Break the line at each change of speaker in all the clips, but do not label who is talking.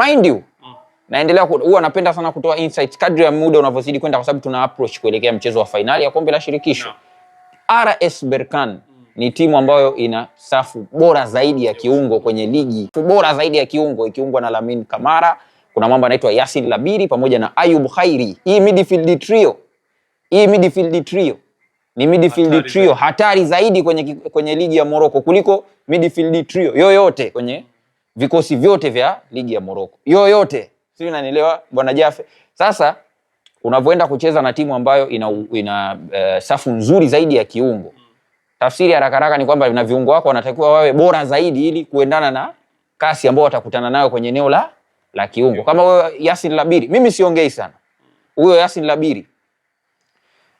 Mind you, ah. naendelea huwa napenda sana kutoa insights kadri ya muda unavyozidi kwenda, kwa sababu tuna approach kuelekea mchezo wa fainali ya kombe la shirikisho no. RS Berkane mm. ni timu ambayo ina safu bora zaidi ya kiungo kwenye ligi, bora zaidi ya kiungo ikiungwa na Lamin Kamara, kuna mambo anaitwa Yasin Labiri pamoja na Ayub Khairi. Hii midfield trio, hii midfield trio ni midfield hatari trio hatari zaidi kwenye, kwenye ligi ya Morocco kuliko midfield trio yoyote kwenye vikosi vyote vya ligi ya Morocco yoyote, sio? Unanielewa bwana Jafe? Sasa unavyoenda kucheza na timu ambayo ina, ina uh, safu nzuri zaidi ya kiungo, tafsiri haraka haraka ni kwamba na viungo wako wanatakiwa wawe bora zaidi ili kuendana na kasi ambayo watakutana nayo kwenye eneo la la kiungo. Kama wewe Yasin Labiri, mimi siongei sana huyo Yasin Labiri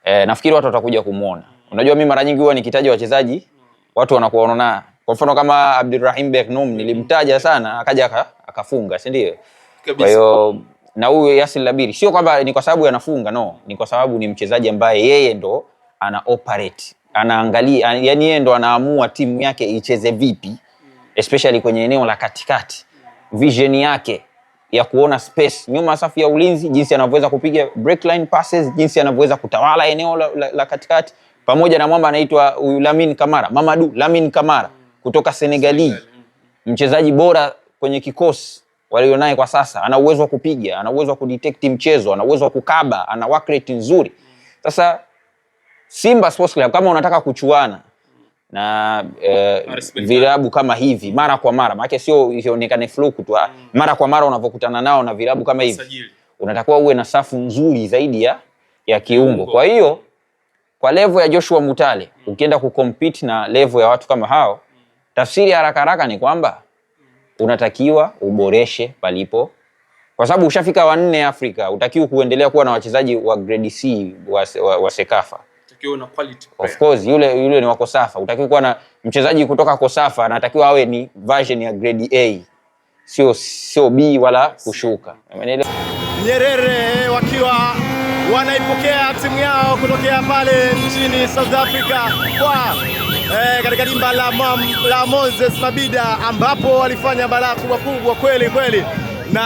eh, nafikiri watu watakuja kumuona. Unajua mimi mara nyingi huwa nikitaja wachezaji watu wanakuwa wanaona kwa mfano kama Abdulrahim Beknum mm-hmm. nilimtaja sana akaja akafunga, si ndio? Kwa hiyo na huyu Yasin Labiri sio kwamba ni kwa sababu anafunga, no, ni kwa sababu ni mchezaji ambaye yeye ndo ana operate, anaangalia, yani yeye ndo anaamua timu yake icheze vipi, mm. especially kwenye eneo la katikati, vision yake ya kuona space nyuma safu ya ulinzi, jinsi anavyoweza kupiga breakline passes, jinsi anavyoweza kutawala eneo la, la, la katikati, pamoja na mwamba anaitwa huyu Lamin Kamara, Mamadu Lamin Kamara kutoka Senegali, mm-hmm. mchezaji bora kwenye kikosi walionaye kwa sasa, ana uwezo wa kupiga, ana uwezo wa kudetect mchezo, ana uwezo wa kukaba, ana work rate nzuri. Mm-hmm. Sasa Simba Sports Club kama unataka kuchuana na eh, vilabu kama hivi mara kwa mara, maana sio ionekane fluku tu, ah, mm-hmm. mara kwa mara unavyokutana nao na vilabu kama hivi, unatakiwa uwe na safu nzuri zaidi ya ya kiungo. Kwa hiyo kwa level ya Joshua Mutale ukienda kucompete na level ya watu kama hao Tafsiri haraka haraka ni kwamba unatakiwa uboreshe palipo, kwa sababu ushafika wanne Afrika, utakiwa kuendelea kuwa na wachezaji wa grade C wa, wa, wa Sekafa. Of course yule, yule ni wa Kosafa, utakiwa kuwa na mchezaji kutoka Kosafa anatakiwa awe ni version ya grade A, sio sio B wala kushuka.
Nyerere wakiwa wanaipokea timu yao kutokea pale nchini South Africa kwa eh, katika dimba la, la Moses Mabida ambapo walifanya balaa kubwa kubwa kweli kweli na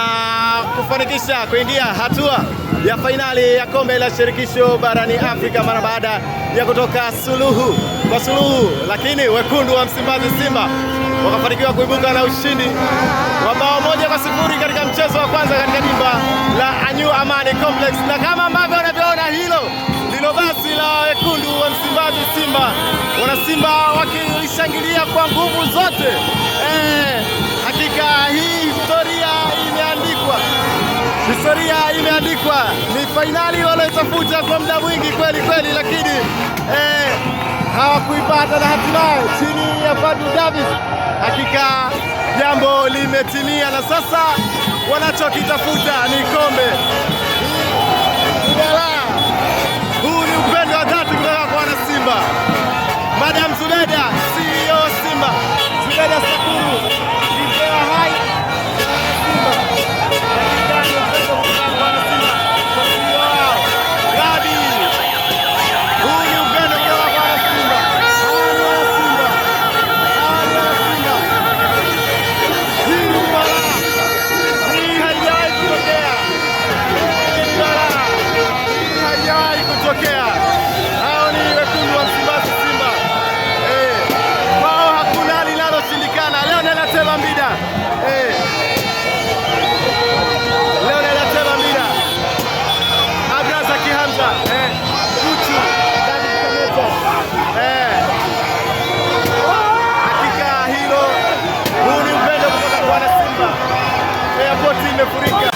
kufanikisha kuingia hatua ya fainali ya kombe la shirikisho barani Afrika mara baada ya kutoka suluhu kwa suluhu, lakini wekundu wa Msimbazi Simba wakafanikiwa kuibuka na ushindi wa bao moja kwa sifuri katika mchezo wa kwanza katika dimba la Anyu Amani Complex, na kama ambavyo unavyoona hilo ndilo basi la wekundu wa Msimbazi Simba wanasimba wakilishangilia kwa nguvu zote. Eh, hakika hii historia imeandikwa, historia imeandikwa. Ni fainali waliotafuta kwa muda mwingi kweli kweli, lakini eh, hawakuipata na hatimaye chini ya Fadlu Davis, hakika jambo limetimia, na sasa wanachokitafuta ni kombe. என்ன புரிக்க